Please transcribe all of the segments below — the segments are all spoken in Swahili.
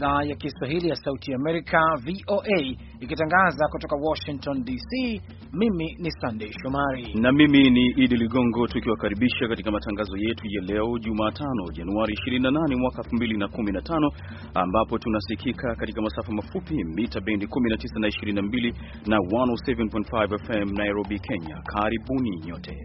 idhaa ya Kiswahili ya Sauti Amerika, VOA, ikitangaza kutoka Washington DC. Mimi ni Sandey Shomari na mimi ni Idi Ligongo, tukiwakaribisha katika matangazo yetu ya leo Jumatano, Januari 28 mwaka 2015, ambapo tunasikika katika masafa mafupi mita bendi 19 na 22 na 107.5 FM Nairobi, Kenya. Karibuni nyote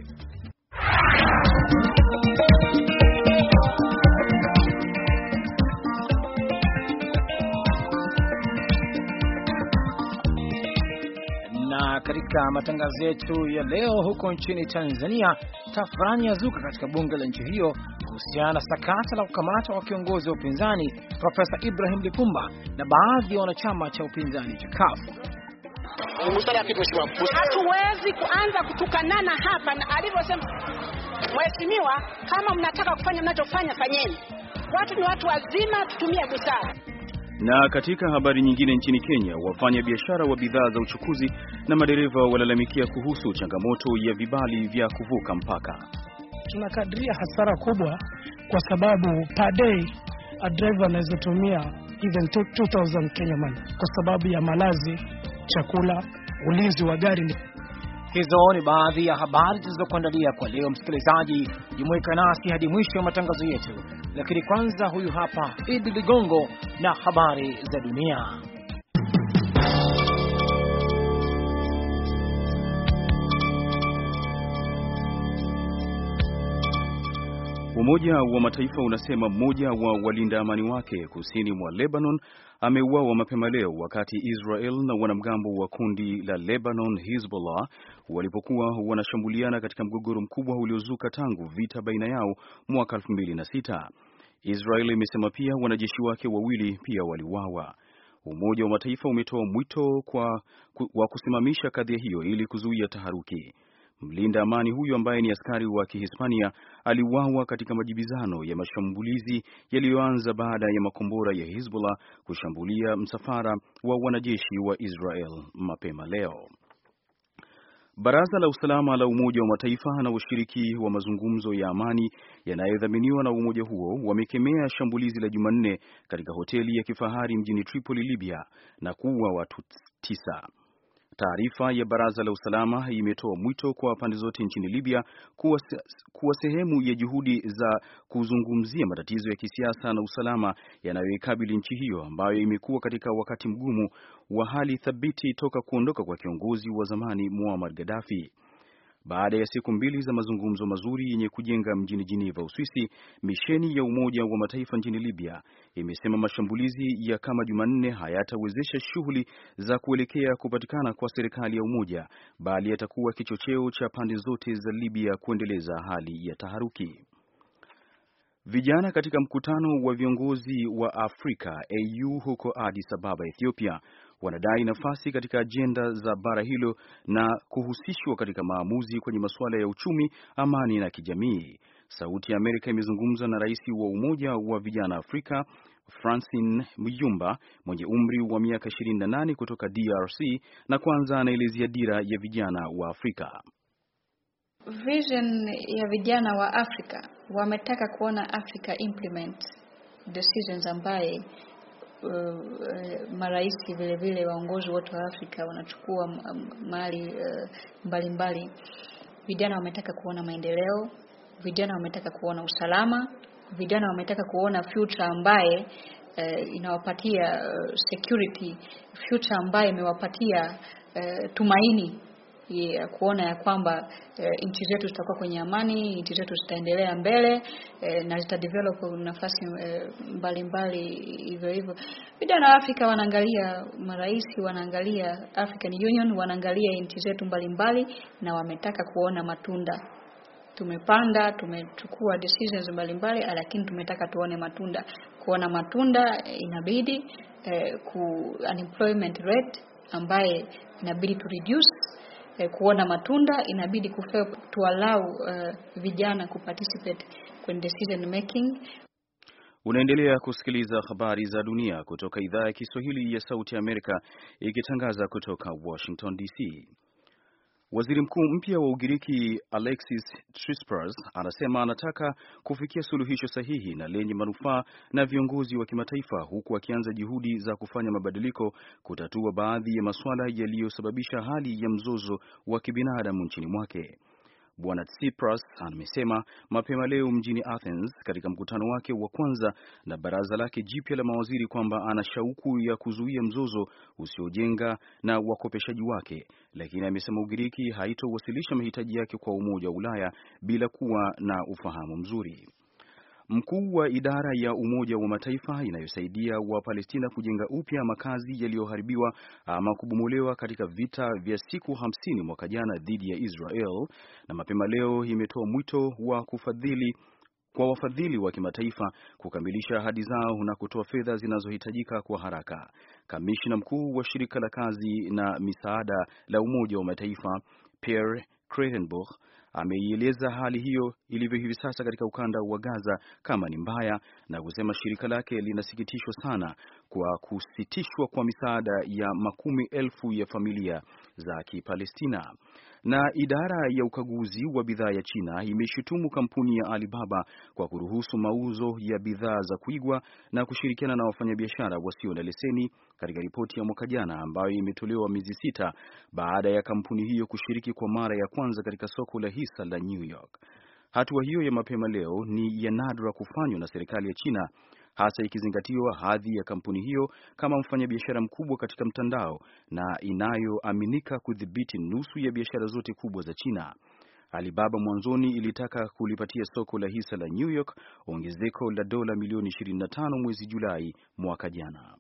katika matangazo yetu ya leo, huko nchini Tanzania, tafrani yazuka katika bunge la nchi hiyo kuhusiana na sakata la kukamatwa kwa kiongozi wa upinzani Profesa Ibrahim Lipumba na baadhi ya wanachama cha upinzani cha CUF. Hatuwezi kuanza kutukanana hapa na alivyosema mheshimiwa, kama mnataka kufanya mnachofanya fanyeni. Watu ni watu wazima, tutumie busara. Na katika habari nyingine, nchini Kenya wafanya biashara wa bidhaa za uchukuzi na madereva walalamikia kuhusu changamoto ya vibali vya kuvuka mpaka. Tunakadiria hasara kubwa, kwa sababu per day a driver anaweza tumia even 2000 Kenya money kwa sababu ya malazi, chakula, ulinzi wa gari. Hizo ni baadhi ya habari zilizokuandalia kwa leo. Msikilizaji, jumuika nasi hadi mwisho ya matangazo yetu lakini kwanza, huyu hapa Idi Ligongo na habari za dunia. Umoja wa Mataifa unasema mmoja wa walinda amani wake kusini mwa Lebanon ameuawa mapema leo wakati Israel na wanamgambo wa kundi la Lebanon Hezbollah walipokuwa wanashambuliana katika mgogoro mkubwa uliozuka tangu vita baina yao mwaka 2006. Israel imesema pia wanajeshi wake wawili pia waliuawa. Umoja wa Mataifa umetoa mwito kwa, wa kusimamisha kadhia hiyo ili kuzuia taharuki. Mlinda amani huyo ambaye ni askari wa Kihispania aliuawa katika majibizano ya mashambulizi yaliyoanza baada ya makombora ya Hezbollah kushambulia msafara wa wanajeshi wa Israel mapema leo. Baraza la Usalama la Umoja wa Mataifa na washiriki wa mazungumzo ya amani yanayodhaminiwa na umoja huo wamekemea shambulizi la Jumanne katika hoteli ya kifahari mjini Tripoli, Libya na kuua watu tisa. Taarifa ya Baraza la Usalama imetoa mwito kwa pande zote nchini Libya kuwa, kuwa sehemu ya juhudi za kuzungumzia matatizo ya kisiasa na usalama yanayoikabili nchi hiyo ambayo imekuwa katika wakati mgumu wa hali thabiti toka kuondoka kwa kiongozi wa zamani Muammar Gaddafi baada ya siku mbili za mazungumzo mazuri yenye kujenga mjini Geneva, Uswisi. Misheni ya Umoja wa Mataifa nchini Libya imesema mashambulizi ya kama Jumanne hayatawezesha shughuli za kuelekea kupatikana kwa serikali ya umoja, bali yatakuwa kichocheo cha pande zote za Libya kuendeleza hali ya taharuki. Vijana katika mkutano wa viongozi wa Afrika AU huko Addis Ababa, Ethiopia, wanadai nafasi katika ajenda za bara hilo na kuhusishwa katika maamuzi kwenye masuala ya uchumi, amani na kijamii. Sauti ya Amerika imezungumza na rais wa Umoja wa Vijana Afrika Francine Muyumba mwenye umri wa miaka 28 kutoka DRC, na kwanza anaelezea dira ya vijana wa Afrika. Vision ya vijana wa Afrika wametaka kuona Africa implement decisions ambaye Uh, eh, marais vile vile waongozi wote wa Afrika wanachukua mali uh, mbalimbali. Vijana wametaka kuona maendeleo, vijana wametaka kuona usalama, vijana wametaka kuona future ambaye eh, uh, inawapatia security, future ambaye imewapatia uh, tumaini ya kuona ya kwamba e, nchi zetu zitakuwa kwenye amani, nchi zetu zitaendelea mbele e, na develop nafasi eh, mbalimbali hivyo hivyo. Vijana wa Afrika wanaangalia marais, wanaangalia African Union, wanaangalia nchi zetu mbalimbali, na wametaka kuona matunda tumepanda tumechukua decisions mbalimbali, lakini tumetaka tuone matunda. Kuona matunda inabidi eh, ku unemployment rate ambaye inabidi tu reduce eh, kuona matunda inabidi kufa tualau uh, eh, vijana kuparticipate kwenye decision making. Unaendelea kusikiliza habari za dunia kutoka idhaa ya Kiswahili ya Sauti ya Amerika ikitangaza kutoka Washington DC. Waziri mkuu mpya wa Ugiriki Alexis Tsipras anasema anataka kufikia suluhisho sahihi na lenye manufaa na viongozi wa kimataifa huku akianza juhudi za kufanya mabadiliko kutatua baadhi ya masuala yaliyosababisha hali ya mzozo wa kibinadamu nchini mwake. Bwana Tsipras amesema mapema leo mjini Athens katika mkutano wake wa kwanza na baraza lake jipya la mawaziri kwamba ana shauku ya kuzuia mzozo usiojenga na wakopeshaji wake, lakini amesema Ugiriki haitowasilisha mahitaji yake kwa Umoja wa Ulaya bila kuwa na ufahamu mzuri. Mkuu wa idara ya Umoja wa Mataifa inayosaidia Wapalestina kujenga upya makazi yaliyoharibiwa ama kubomolewa katika vita vya siku hamsini mwaka jana dhidi ya Israel, na mapema leo imetoa mwito wa kufadhili kwa wafadhili wa kimataifa kukamilisha ahadi zao na kutoa fedha zinazohitajika kwa haraka. Kamishna mkuu wa shirika la kazi na misaada la Umoja wa Mataifa Pierre Kretenbach ameieleza hali hiyo ilivyo hivi sasa katika ukanda wa Gaza kama ni mbaya na kusema shirika lake linasikitishwa sana kwa kusitishwa kwa misaada ya makumi elfu ya familia za Kipalestina. Na idara ya ukaguzi wa bidhaa ya China imeshutumu kampuni ya Alibaba kwa kuruhusu mauzo ya bidhaa za kuigwa na kushirikiana na wafanyabiashara wasio na leseni katika ripoti ya mwaka jana ambayo imetolewa miezi sita baada ya kampuni hiyo kushiriki kwa mara ya kwanza katika soko la hisa la New York. Hatua hiyo ya mapema leo ni ya nadra kufanywa na serikali ya China hasa ikizingatiwa hadhi ya kampuni hiyo kama mfanyabiashara mkubwa katika mtandao na inayoaminika kudhibiti nusu ya biashara zote kubwa za China. Alibaba mwanzoni ilitaka kulipatia soko la hisa la New York ongezeko la dola milioni 25 mwezi Julai mwaka jana.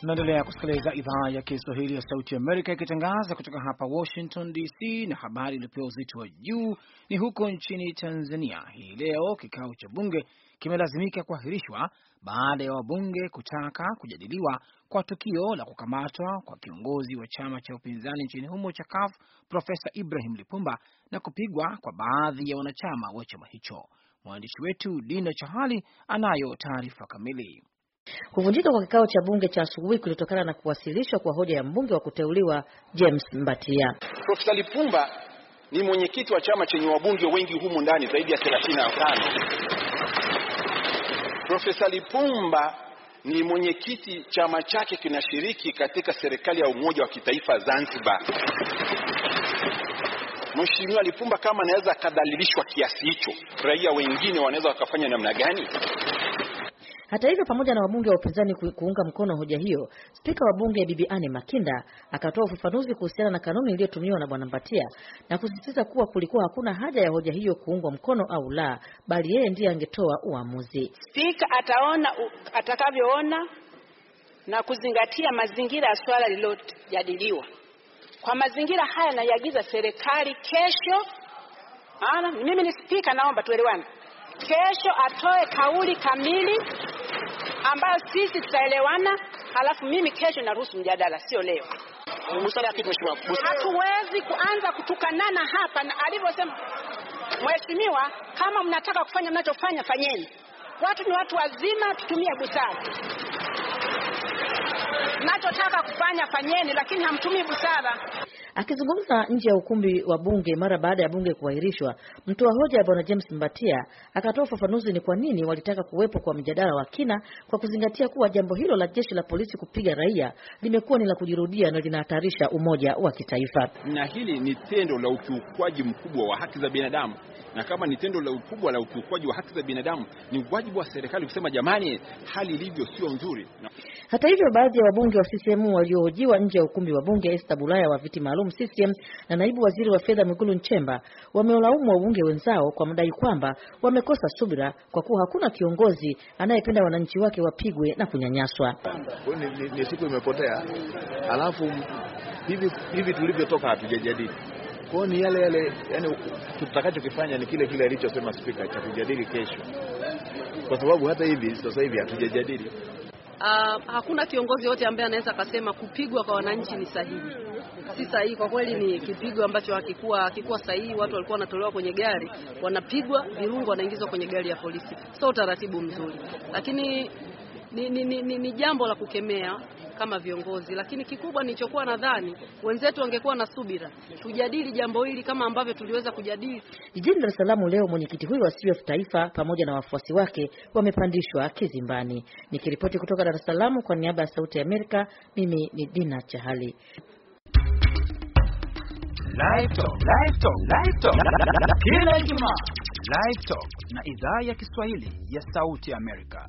Tunaendelea kusikiliza idhaa ya Kiswahili ya Sauti Amerika ikitangaza kutoka hapa Washington DC, na habari iliyopewa uzito wa juu ni huko nchini Tanzania. Hii leo kikao cha bunge kimelazimika kuahirishwa baada ya wabunge kutaka kujadiliwa kwa tukio la kukamatwa kwa kiongozi wa chama cha upinzani nchini humo cha CUF Profesa Ibrahim Lipumba na kupigwa kwa baadhi ya wanachama wa chama hicho. Mwandishi wetu Dina Chahali anayo taarifa kamili. Kuvunjika kwa kikao cha bunge cha asubuhi kulitokana na kuwasilishwa kwa hoja ya mbunge wa kuteuliwa James Mbatia. Profesa Lipumba ni mwenyekiti wa chama chenye wabunge wengi humu ndani zaidi ya 35. Profesa Lipumba ni mwenyekiti, chama chake kinashiriki katika serikali ya umoja wa kitaifa Zanzibar. Mheshimiwa Lipumba kama anaweza akadhalilishwa kiasi hicho, raia wengine wanaweza wakafanya namna gani? Hata hivyo, pamoja na wabunge wa upinzani kuunga mkono hoja hiyo, spika wa bunge Bibi Anne Makinda akatoa ufafanuzi kuhusiana na kanuni iliyotumiwa na Bwana Mbatia na kusisitiza kuwa kulikuwa hakuna haja ya hoja hiyo kuungwa mkono au la, bali yeye ndiye angetoa uamuzi. Spika ataona atakavyoona na kuzingatia mazingira ya swala lililojadiliwa. Kwa mazingira haya, naiagiza serikali kesho, ana mimi ni spika, naomba tuelewane, kesho atoe kauli kamili ambayo sisi tutaelewana, halafu mimi kesho naruhusu mjadala, sio leo. Hatuwezi kuanza kutukanana hapa, na alivyosema mheshimiwa, kama mnataka kufanya mnachofanya fanyeni. Watu ni watu wazima, tutumie busara. Mnachotaka kufanya fanyeni, lakini hamtumii busara. Akizungumza nje ya ukumbi wa bunge mara baada ya bunge kuahirishwa, mtoa hoja bwana James Mbatia akatoa ufafanuzi ni kwa nini walitaka kuwepo kwa mjadala wa kina, kwa kuzingatia kuwa jambo hilo la jeshi la polisi kupiga raia limekuwa ni la kujirudia na linahatarisha umoja wa kitaifa, na hili ni tendo la ukiukwaji mkubwa wa haki za binadamu. Na kama ni tendo la ukubwa la ukiukwaji wa haki za binadamu, ni wajibu wa serikali kusema jamani, hali ilivyo sio nzuri. Hata hivyo, baadhi ya wabunge wa CCM waliohojiwa nje ya ukumbi wa bunge Esther Bulaya wa viti maalum Maalum CCM na naibu waziri wa fedha Mwigulu Nchemba wameolaumu wabunge wenzao kwa madai kwamba wamekosa subira kwa kuwa hakuna kiongozi anayependa wananchi wake wapigwe na kunyanyaswa. Ni, ni siku imepotea, alafu hivi hivi tulivyotoka hatujajadili kwao ni yale yale, yani tutakachokifanya ni kile kile alichosema spika cha kujadili kesho, kwa sababu hata hivi sasa hivi hatujajadili. Uh, hakuna kiongozi yote ambaye anaweza akasema kupigwa kwa wananchi ni sahihi. Si sahihi kwa kweli, ni kipigo ambacho hakikuwa hakikuwa sahihi. Watu walikuwa wanatolewa kwenye gari, wanapigwa virungu, wanaingizwa kwenye gari ya polisi, sio utaratibu mzuri. Lakini ni, ni, ni, ni jambo la kukemea kama viongozi, lakini kikubwa nilichokuwa nadhani wenzetu wangekuwa na subira, tujadili jambo hili kama ambavyo tuliweza kujadili jijini Dar es Salaam leo. Mwenyekiti huyo wa CUF Taifa pamoja na wafuasi wake wamepandishwa kizimbani. Nikiripoti kutoka Dar es Salaam kwa niaba ya Sauti ya Amerika, mimi ni Dina Chahali. Live Talk, Live Talk, Live Talk kila Ijumaa, Live Talk na idhaa ya Kiswahili ya Sauti Amerika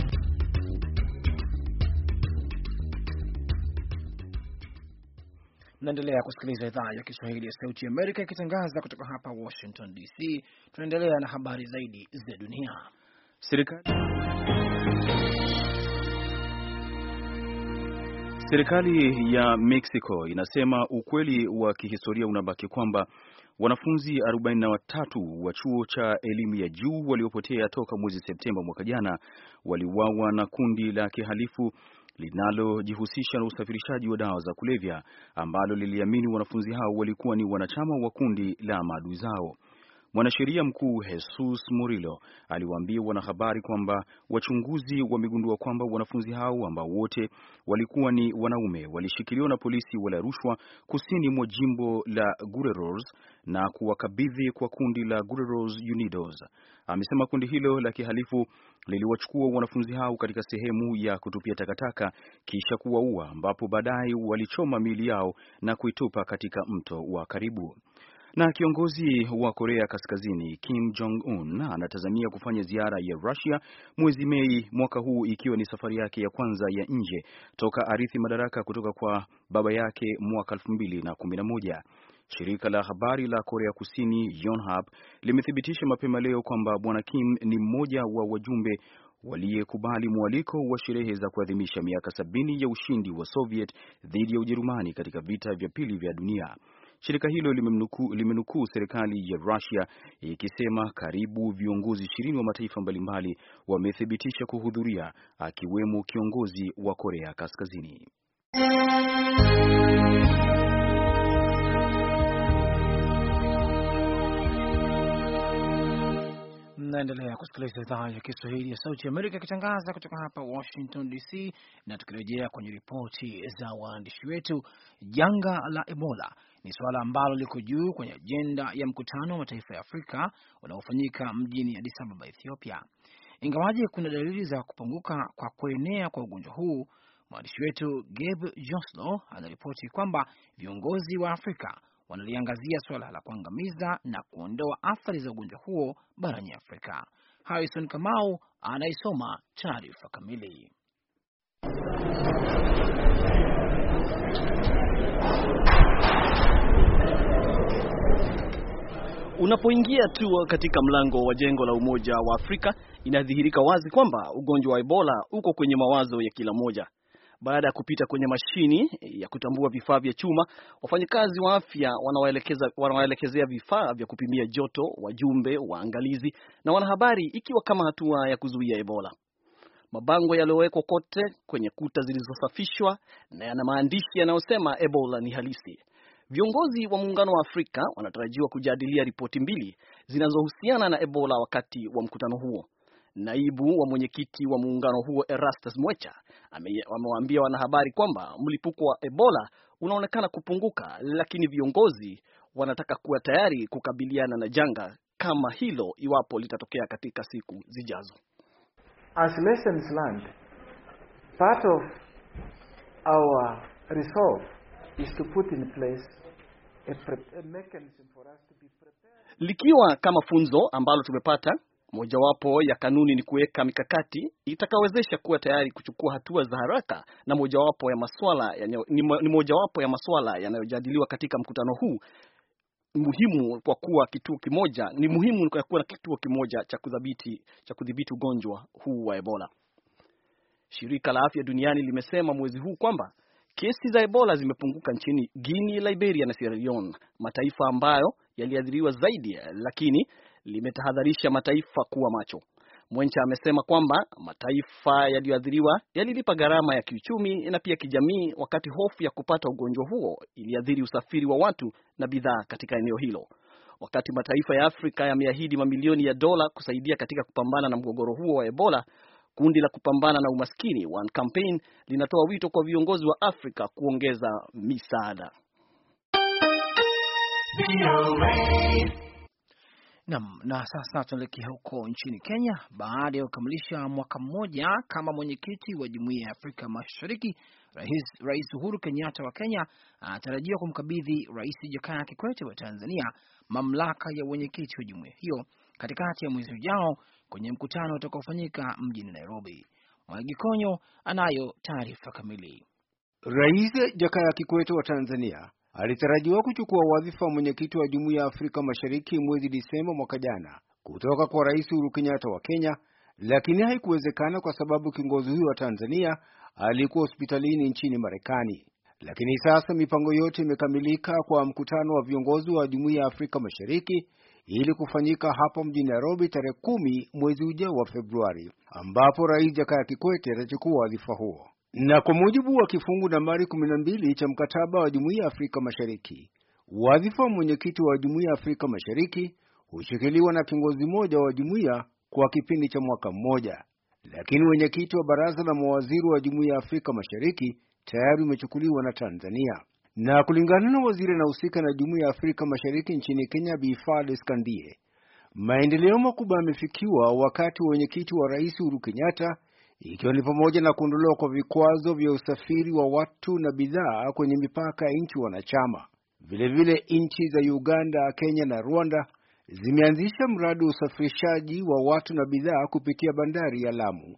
naendelea kusikiliza idhaa ya Kiswahili ya Sauti Amerika ikitangaza kutoka hapa Washington DC. Tunaendelea na habari zaidi za dunia. Serikali Serikali ya Mexico inasema ukweli wa kihistoria unabaki kwamba wanafunzi 43 wa chuo cha elimu ya juu waliopotea toka mwezi Septemba mwaka jana waliuawa na kundi la kihalifu linalojihusisha na usafirishaji wa dawa za kulevya ambalo liliamini wanafunzi hao walikuwa ni wanachama wa kundi la maadui zao. Mwanasheria mkuu Jesus Murillo aliwaambia wanahabari kwamba wachunguzi wamegundua kwamba wanafunzi hao ambao wote walikuwa ni wanaume walishikiliwa na polisi wala rushwa kusini mwa jimbo la Guerreros na kuwakabidhi kwa kundi la Guerreros Unidos. Amesema kundi hilo la kihalifu liliwachukua wanafunzi hao katika sehemu ya kutupia takataka kisha kuwaua, ambapo baadaye walichoma miili yao na kuitupa katika mto wa karibu. Na kiongozi wa Korea Kaskazini Kim Jong Un anatazamia kufanya ziara ya Russia mwezi Mei mwaka huu ikiwa ni safari yake ya kwanza ya nje toka arithi madaraka kutoka kwa baba yake mwaka moja. Shirika la habari la Korea Kusini Yonhap limethibitisha mapema leo kwamba bwana Kim ni mmoja wa wajumbe waliyekubali mwaliko wa sherehe za kuadhimisha miaka sabini ya ushindi wa Soviet dhidi ya Ujerumani katika vita vya pili vya dunia. Shirika hilo limenukuu serikali ya russia ikisema karibu viongozi ishirini wa mataifa mbalimbali wamethibitisha kuhudhuria, akiwemo kiongozi wa Korea Kaskazini. Naendelea kusikiliza idhaa ya Kiswahili ya Sauti Amerika ikitangaza kutoka hapa Washington DC, na tukirejea kwenye ripoti za waandishi wetu, janga la Ebola ni suala ambalo liko juu kwenye ajenda ya mkutano wa mataifa ya Afrika unaofanyika mjini Addis Ababa, Ethiopia. Ingawaje kuna dalili za kupunguka kwa kuenea kwa ugonjwa huu, mwandishi wetu Gabe Joslo anaripoti kwamba viongozi wa Afrika wanaliangazia suala la kuangamiza na kuondoa athari za ugonjwa huo barani Afrika. Harrison Kamau anaisoma taarifa kamili. Unapoingia tu katika mlango wa jengo la Umoja wa Afrika inadhihirika wazi kwamba ugonjwa wa Ebola uko kwenye mawazo ya kila mmoja. Baada ya kupita kwenye mashini ya kutambua vifaa vya chuma, wafanyakazi wa afya wanawaelekezea vifaa vya kupimia joto wajumbe, waangalizi na wanahabari, ikiwa kama hatua ya kuzuia Ebola. Mabango yaliyowekwa kote kwenye kuta zilizosafishwa na yana maandishi yanayosema Ebola ni halisi. Viongozi wa Muungano wa Afrika wanatarajiwa kujadilia ripoti mbili zinazohusiana na Ebola wakati wa mkutano huo. Naibu wa mwenyekiti wa muungano huo Erastus Mwecha amewaambia wanahabari kwamba mlipuko wa Ebola unaonekana kupunguka, lakini viongozi wanataka kuwa tayari kukabiliana na janga kama hilo iwapo litatokea katika siku zijazo. As lessons learned, part of our resolve is to put in place a mechanism for us to be prepared. Likiwa kama funzo ambalo tumepata Mojawapo ya kanuni ni kuweka mikakati itakawezesha kuwa tayari kuchukua hatua za haraka, na mojawapo ya maswala ya, ni mojawapo ya maswala yanayojadiliwa katika mkutano huu muhimu kwa kuwa kituo kimoja ni muhimu kwa kuwa na kituo kimoja cha kudhibiti cha kudhibiti ugonjwa huu wa Ebola. Shirika la Afya Duniani limesema mwezi huu kwamba kesi za Ebola zimepunguka nchini Guinea, Liberia na Sierra Leone, mataifa ambayo yaliathiriwa zaidi, lakini limetahadharisha mataifa kuwa macho. Mwencha amesema kwamba mataifa yaliyoathiriwa yalilipa gharama ya kiuchumi na pia kijamii, wakati hofu ya kupata ugonjwa huo iliathiri usafiri wa watu na bidhaa katika eneo hilo. Wakati mataifa ya Afrika yameahidi mamilioni ya dola kusaidia katika kupambana na mgogoro huo wa Ebola, kundi la kupambana na umaskini One Campaign linatoa wito kwa viongozi wa Afrika kuongeza misaada. Nam. Na sasa tunaelekea huko nchini Kenya baada ya kukamilisha mwaka mmoja kama mwenyekiti wa Jumuiya ya Afrika Mashariki. Rais, Rais Uhuru Kenyatta wa Kenya anatarajiwa kumkabidhi Rais Jakaya Kikwete wa Tanzania mamlaka ya mwenyekiti wa jumuiya hiyo katikati ya mwezi ujao kwenye mkutano utakaofanyika mjini Nairobi. Mwanagikonyo anayo taarifa kamili. Rais Jakaya Kikwete wa Tanzania alitarajiwa kuchukua wadhifa wa mwenyekiti wa Jumuiya ya Afrika Mashariki mwezi Disemba mwaka jana kutoka kwa Rais Uhuru Kenyatta wa Kenya, lakini haikuwezekana kwa sababu kiongozi huyo wa Tanzania alikuwa hospitalini nchini Marekani. Lakini sasa mipango yote imekamilika kwa mkutano wa viongozi wa Jumuiya ya Afrika Mashariki ili kufanyika hapa mjini Nairobi tarehe kumi mwezi ujao wa Februari, ambapo Rais Jakaya Kikwete atachukua wadhifa huo. Na kwa mujibu wa kifungu nambari 12 cha mkataba wa Jumuiya ya Afrika Mashariki, wadhifa wa mwenyekiti wa Jumuiya ya Afrika Mashariki hushikiliwa na kiongozi mmoja wa jumuiya kwa kipindi cha mwaka mmoja, lakini wenyekiti wa baraza la mawaziri wa Jumuiya ya Afrika Mashariki tayari umechukuliwa na Tanzania. Na kulingana na waziri anahusika na Jumuiya ya Afrika Mashariki nchini Kenya, Bi Fades Kandie, maendeleo makubwa yamefikiwa wakati wa wenyekiti wa Rais Uhuru Kenyatta ikiwa ni pamoja na kuondolewa kwa vikwazo vya usafiri wa watu na bidhaa kwenye mipaka ya nchi wanachama. Vilevile nchi za Uganda, Kenya na Rwanda zimeanzisha mradi wa usafirishaji wa watu na bidhaa kupitia bandari ya Lamu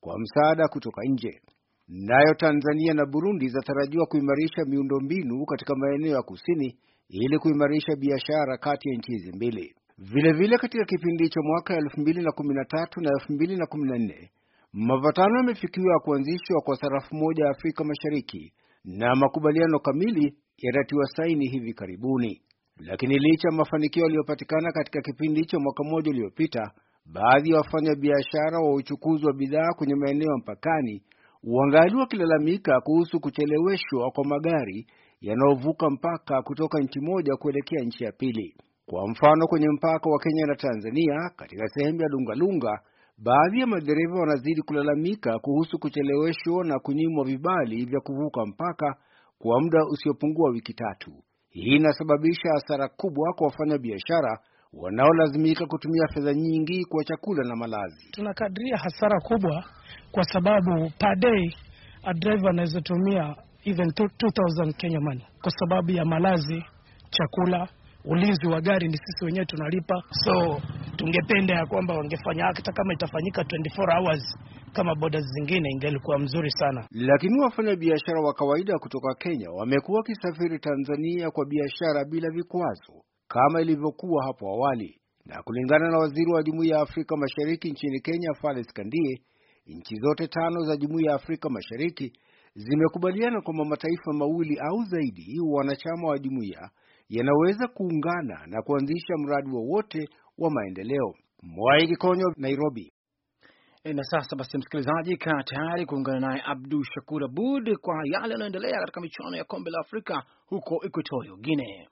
kwa msaada kutoka nje. Nayo Tanzania na Burundi zatarajiwa kuimarisha miundombinu katika maeneo ya kusini ili kuimarisha biashara kati ya nchi hizi mbili. Vilevile, katika kipindi cha mwaka 2013 na 2014 Mapatano yamefikiwa kuanzishwa kwa sarafu moja ya Afrika Mashariki na makubaliano kamili yatatiwa saini hivi karibuni. Lakini licha ya mafanikio yaliyopatikana katika kipindi cha mwaka mmoja uliopita, baadhi ya wafanyabiashara wa uchukuzi wa bidhaa kwenye maeneo ya mpakani wangali wakilalamika kuhusu kucheleweshwa kwa magari yanayovuka mpaka kutoka nchi moja kuelekea nchi ya pili. Kwa mfano, kwenye mpaka wa Kenya na Tanzania katika sehemu ya Lungalunga Baadhi ya madereva wanazidi kulalamika kuhusu kucheleweshwa na kunyimwa vibali vya kuvuka mpaka kwa muda usiopungua wiki tatu. Hii inasababisha hasara kubwa kwa wafanyabiashara wanaolazimika kutumia fedha nyingi kwa chakula na malazi. Tunakadiria hasara kubwa kwa sababu per day a driver anaweza tumia even 2000 Kenya money kwa sababu ya malazi, chakula ulinzi wa gari ni sisi wenyewe tunalipa, so tungependa ya kwamba wangefanya hata kama itafanyika 24 hours kama boda zingine ingelikuwa mzuri sana. Lakini wafanyabiashara wa kawaida kutoka Kenya wamekuwa wakisafiri Tanzania kwa biashara bila vikwazo kama ilivyokuwa hapo awali, na kulingana na waziri wa Jumuiya ya Afrika Mashariki nchini Kenya Fales Kandie, nchi zote tano za Jumuiya ya Afrika Mashariki zimekubaliana kwamba mataifa mawili au zaidi wanachama wa jumuiya yanaweza kuungana na kuanzisha mradi wowote wa, wa maendeleo. Mwai Gikonyo, Nairobi. E, na sasa basi, msikilizaji, kaa tayari kuungana naye Abdu Shakur Abud kwa yale yanayoendelea katika michuano ya kombe la Afrika huko Equatorio Guinea.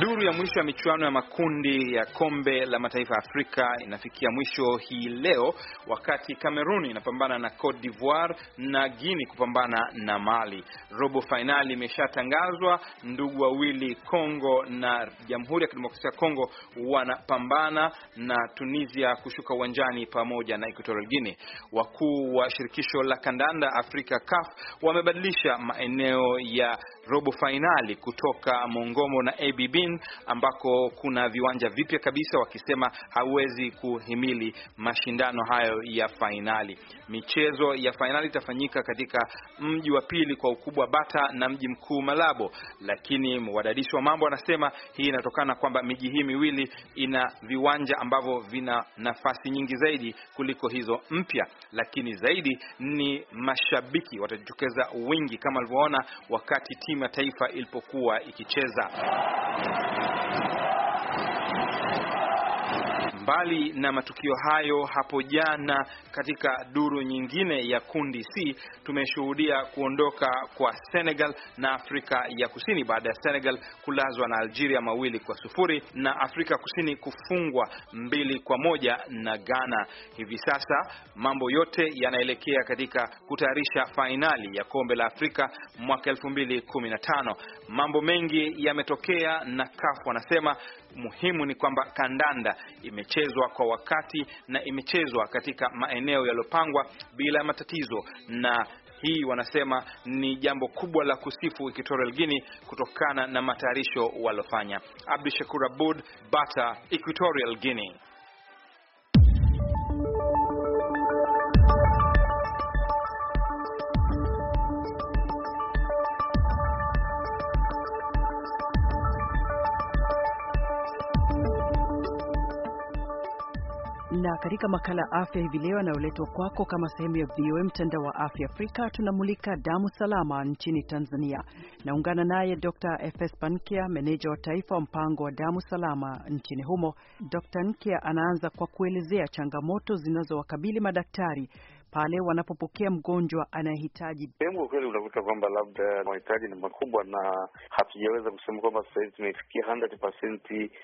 Duru ya mwisho ya michuano ya makundi ya kombe la mataifa ya Afrika inafikia mwisho hii leo, wakati Kamerun inapambana na Cote d'Ivoire na Guinea kupambana na Mali. Robo fainali imeshatangazwa, ndugu wawili Kongo na Jamhuri ya Kidemokrasia ya Kongo wanapambana na Tunisia kushuka uwanjani pamoja na Equatorial Guinea. Wakuu wa shirikisho la kandanda Afrika CAF wamebadilisha maeneo ya robo fainali kutoka Mongomo na ABB Berlin ambako kuna viwanja vipya kabisa, wakisema hawezi kuhimili mashindano hayo ya fainali. Michezo ya fainali itafanyika katika mji wa pili kwa ukubwa Bata na mji mkuu Malabo, lakini wadadisi wa mambo wanasema hii inatokana kwamba miji hii miwili ina viwanja ambavyo vina nafasi nyingi zaidi kuliko hizo mpya, lakini zaidi ni mashabiki watajitokeza wingi kama walivyoona wakati timu ya taifa ilipokuwa ikicheza. 何 Mbali na matukio hayo, hapo jana katika duru nyingine ya kundi C tumeshuhudia kuondoka kwa Senegal na Afrika ya Kusini baada ya Senegal kulazwa na Algeria mawili kwa sufuri na Afrika Kusini kufungwa mbili kwa moja na Ghana. Hivi sasa mambo yote yanaelekea katika kutayarisha fainali ya kombe la Afrika mwaka 2015. Mambo mengi yametokea na CAF wanasema Muhimu ni kwamba kandanda imechezwa kwa wakati na imechezwa katika maeneo yaliyopangwa bila ya matatizo, na hii wanasema ni jambo kubwa la kusifu Equatorial Guinea kutokana na matayarisho waliofanya. Abdu Shakur Abud, Bata, Equatorial Guinea. na katika makala afya hivi leo yanayoletwa kwako kama sehemu ya VOA mtandao wa afya Afrika, tunamulika damu salama nchini Tanzania. Naungana naye Dr. Efes Pankia, meneja wa taifa wa mpango wa damu salama nchini humo. Dr. Nkia anaanza kwa kuelezea changamoto zinazowakabili madaktari pale wanapopokea mgonjwa anayehitaji. Sehemu kwa kweli unakuta kwamba labda mahitaji ni makubwa, na hatujaweza kusema kwamba sasa hivi tumefikia hundred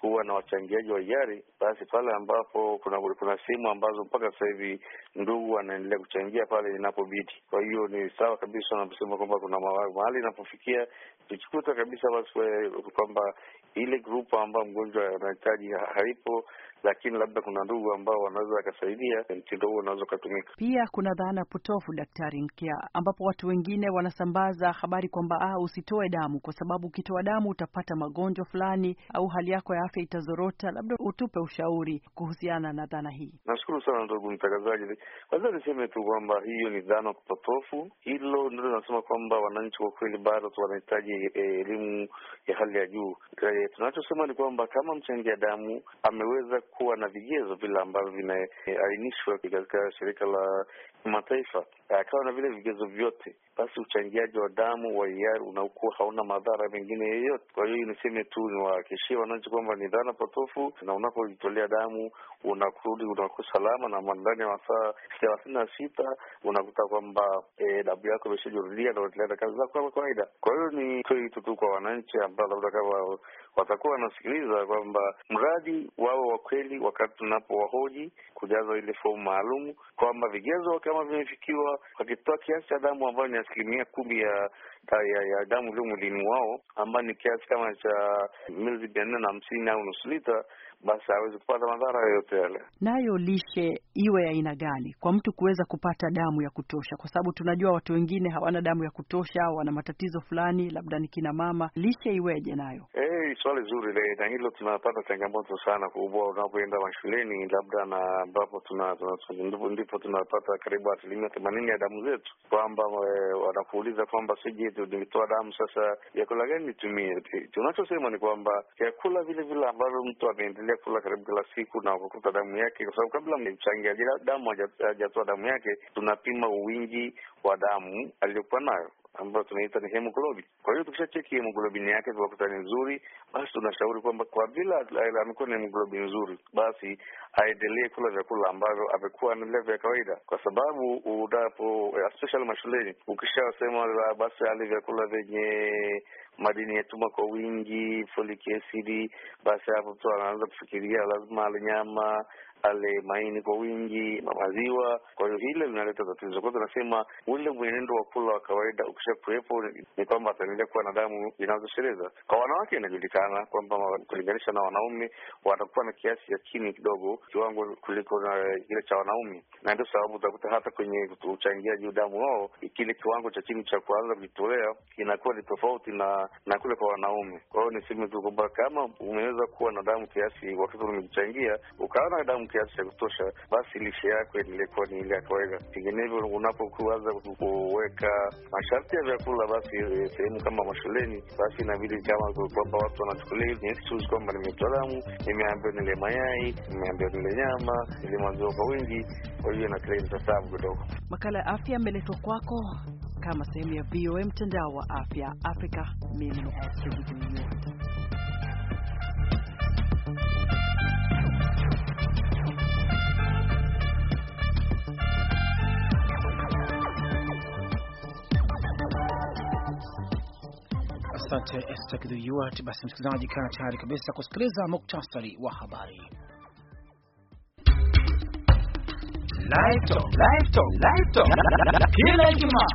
kuwa na wachangiaji wa hiari. Basi pale ambapo kuna kuna sehemu ambazo mpaka sasa hivi ndugu anaendelea kuchangia pale inapobidi. Kwa hiyo ni sawa kabisa unaposema kwamba kuna mahali inapofikia tukikuta kabisa basi eh, kwamba ile grupu ambayo mgonjwa anahitaji haipo lakini labda kuna ndugu ambao wanaweza wakasaidia, mtindo huo unaweza ukatumika. Pia kuna dhana potofu, Daktari Mkia, ambapo watu wengine wanasambaza habari kwamba ah, usitoe damu kwa sababu ukitoa damu utapata magonjwa fulani au hali yako ya afya itazorota. Labda utupe ushauri kuhusiana na dhana hii. Nashukuru sana ndugu mtangazaji. Kwanza niseme tu kwamba hiyo ni dhana potofu, hilo ndio nasema kwamba wananchi kwa kweli bado wanahitaji e, elimu ya hali ya juu. E, tunachosema ni kwamba kama mchangia damu ameweza kuwa na vigezo vile ambavyo vimeainishwa katika shirika la kimataifa, akawa na vile vigezo vyote, basi uchangiaji wa damu wa hiari unakuwa hauna madhara mengine yeyote. Kwa hiyo niseme tu, niwahakikishie wananchi kwamba ni dhana potofu, na unapojitolea damu unakurudi unakuwa salama, na ndani ya masaa thelathini na sita unakuta kwamba e, damu yako imeshajurudia na unaendelea na kazi zako kama kawaida. Kwa hiyo ni tu kwa wananchi ambao labda kama watakuwa wanasikiliza kwamba mradi wawe wa kweli, wakati tunapowahoji kujaza ile fomu maalum, kwamba vigezo kama vimefikiwa, wakitoa kiasi cha damu ambayo ni asilimia kumi ya ya, ya damu iliyo mwilini wao ambayo ni kiasi kama cha milizi mia nne na hamsini au nusu lita basi hawezi kupata madhara yoyote yale. Nayo lishe iwe ya aina gani kwa mtu kuweza kupata damu ya kutosha? Kwa sababu tunajua watu wengine hawana damu ya kutosha, wana matatizo fulani, labda ni kina mama. Lishe iweje nayo? Hey, eh, swali zuri le, na hilo tunapata changamoto sana kubwa unapoenda mashuleni labda na ambapo tuna, tuna, ndipo tunapata karibu asilimia themanini ya damu zetu, kwamba eh, wanakuuliza kwamba sije nilitoa damu, sasa vyakula gani nitumie? Tunachosema ni kwamba vyakula vile vile ambavyo mtu ameendelea ukiangalia kula karibu kila siku na ukakuta damu yake, kwa sababu kabla mchangiaji damu hajatoa damu yake, tunapima uwingi wa damu aliyokuwa nayo ambayo tunaita ni hemoglobin. Kwa hiyo tukisha cheki hemoglobin yake tukakuta ni nzuri, basi tunashauri kwamba kwa vile amekuwa na hemoglobin nzuri, basi aendelee kula vyakula ambavyo amekuwa anaendelea vya kawaida, kwa sababu udapo especially mashuleni, ukishasema basi ale vyakula vyenye madini ya chuma kwa wingi, folic acid, basi hapo mtu anaanza kufikiria lazima ale nyama ale maini kwa wingi, maziwa. Kwa hiyo hilo linaleta tatizo. Kwa hiyo tunasema ule mwenendo wa kula wa kawaida ukisha kuwepo, ni kwamba ataendelea kuwa na damu inazosheleza. Kwa wanawake inajulikana kwamba kulinganisha na wanaume watakuwa na kiasi ya chini kidogo kiwango kuliko na kile cha wanaume, na ndio sababu utakuta hata kwenye uchangiaji damu wao kile kiwango cha chini cha kuanza kujitolea kinakuwa ni tofauti na na kule kwa wanaume. Kwa hiyo niseme tu kwamba kama umeweza kuwa na damu kiasi, watoto umemchangia, ukawa na damu kiasi cha kutosha, basi lishe yako endelee kuwa ni ile ya kawaida. Vinginevyo, unapokuanza kuweka masharti ya vyakula, basi eh, sehemu kama mashuleni, basi inabidi kama kwamba watu wanachukulia nisichuzi kwamba nimetoa damu, nimeambiwa nile mayai, nimeambiwa nile nyama, nile maziwa kwa wingi. Kwa hiyo nakile kidogo. Makala ya afya ameletwa kwako kama sehemu ya VOA mtandao wa afya Afrika. Mimi ni Asante Esther Kidhuiwat. Basi msikilizaji, kaa tayari kabisa kusikiliza muktasari wa habari. Kila Ijumaa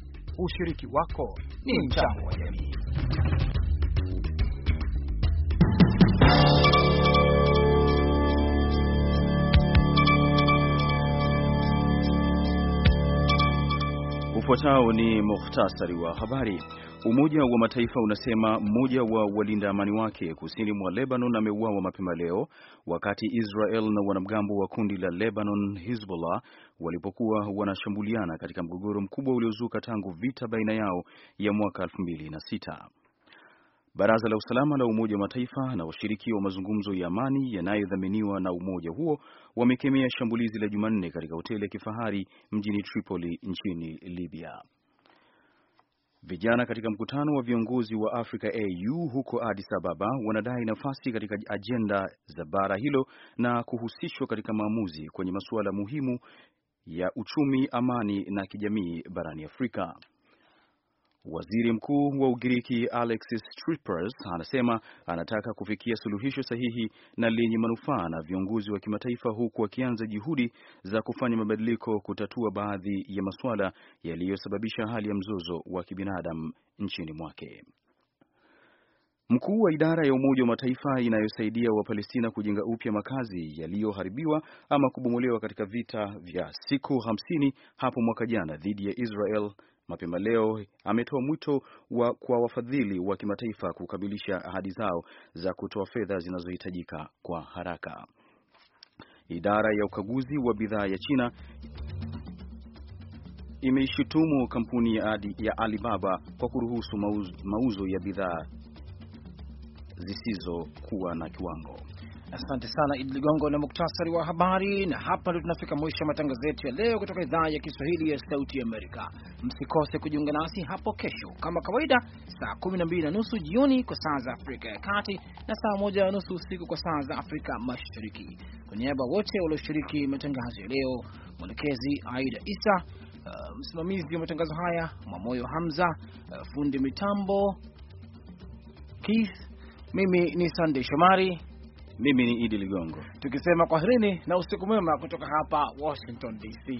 Ushiriki wako ni mchango wa jamii. Ufuatao ni muhtasari wa habari. Umoja wa Mataifa unasema mmoja wa walinda amani wake kusini mwa Lebanon ameuawa mapema leo wakati Israel na wanamgambo wa kundi la Lebanon Hezbollah walipokuwa wanashambuliana katika mgogoro mkubwa uliozuka tangu vita baina yao ya mwaka 2006. Baraza la Usalama la Umoja wa Mataifa na washiriki wa mazungumzo ya amani yanayodhaminiwa na umoja huo wamekemea shambulizi la Jumanne katika hoteli ya kifahari mjini Tripoli nchini Libya. Vijana katika mkutano wa viongozi wa Afrika AU huko Addis Ababa wanadai nafasi katika ajenda za bara hilo na kuhusishwa katika maamuzi kwenye masuala muhimu ya uchumi, amani na kijamii barani Afrika. Waziri Mkuu wa Ugiriki Alexis Tsipras anasema anataka kufikia suluhisho sahihi na lenye manufaa na viongozi wa kimataifa huku akianza juhudi za kufanya mabadiliko kutatua baadhi ya masuala yaliyosababisha hali ya mzozo wa kibinadamu nchini mwake. Mkuu wa idara ya Umoja wa Mataifa inayosaidia Wapalestina kujenga upya makazi yaliyoharibiwa ama kubomolewa katika vita vya siku hamsini hapo mwaka jana dhidi ya Israel mapema leo ametoa mwito wa kwa wafadhili wa kimataifa kukamilisha ahadi zao za kutoa fedha zinazohitajika kwa haraka. Idara ya ukaguzi wa bidhaa ya China imeishutumu kampuni ya, adi, ya Alibaba kwa kuruhusu mauzo, mauzo ya bidhaa zisizokuwa na kiwango. Asante sana Idi Ligongo na muktasari wa habari. Na hapa ndio tunafika mwisho wa matangazo yetu ya leo kutoka idhaa ya Kiswahili ya Sauti ya Amerika. Msikose kujiunga nasi hapo kesho kama kawaida, saa 12 na nusu jioni kwa saa za Afrika ya Kati na saa 1 na nusu usiku kwa saa za Afrika Mashariki. Kwa niaba wote walioshiriki matangazo ya leo, mwelekezi Aida Isa, uh, msimamizi wa matangazo haya Mwamoyo Hamza, uh, fundi mitambo Keith, mimi ni Sandey Shomari mimi ni Idi Ligongo, tukisema kwaherini na usiku mwema kutoka hapa Washington DC.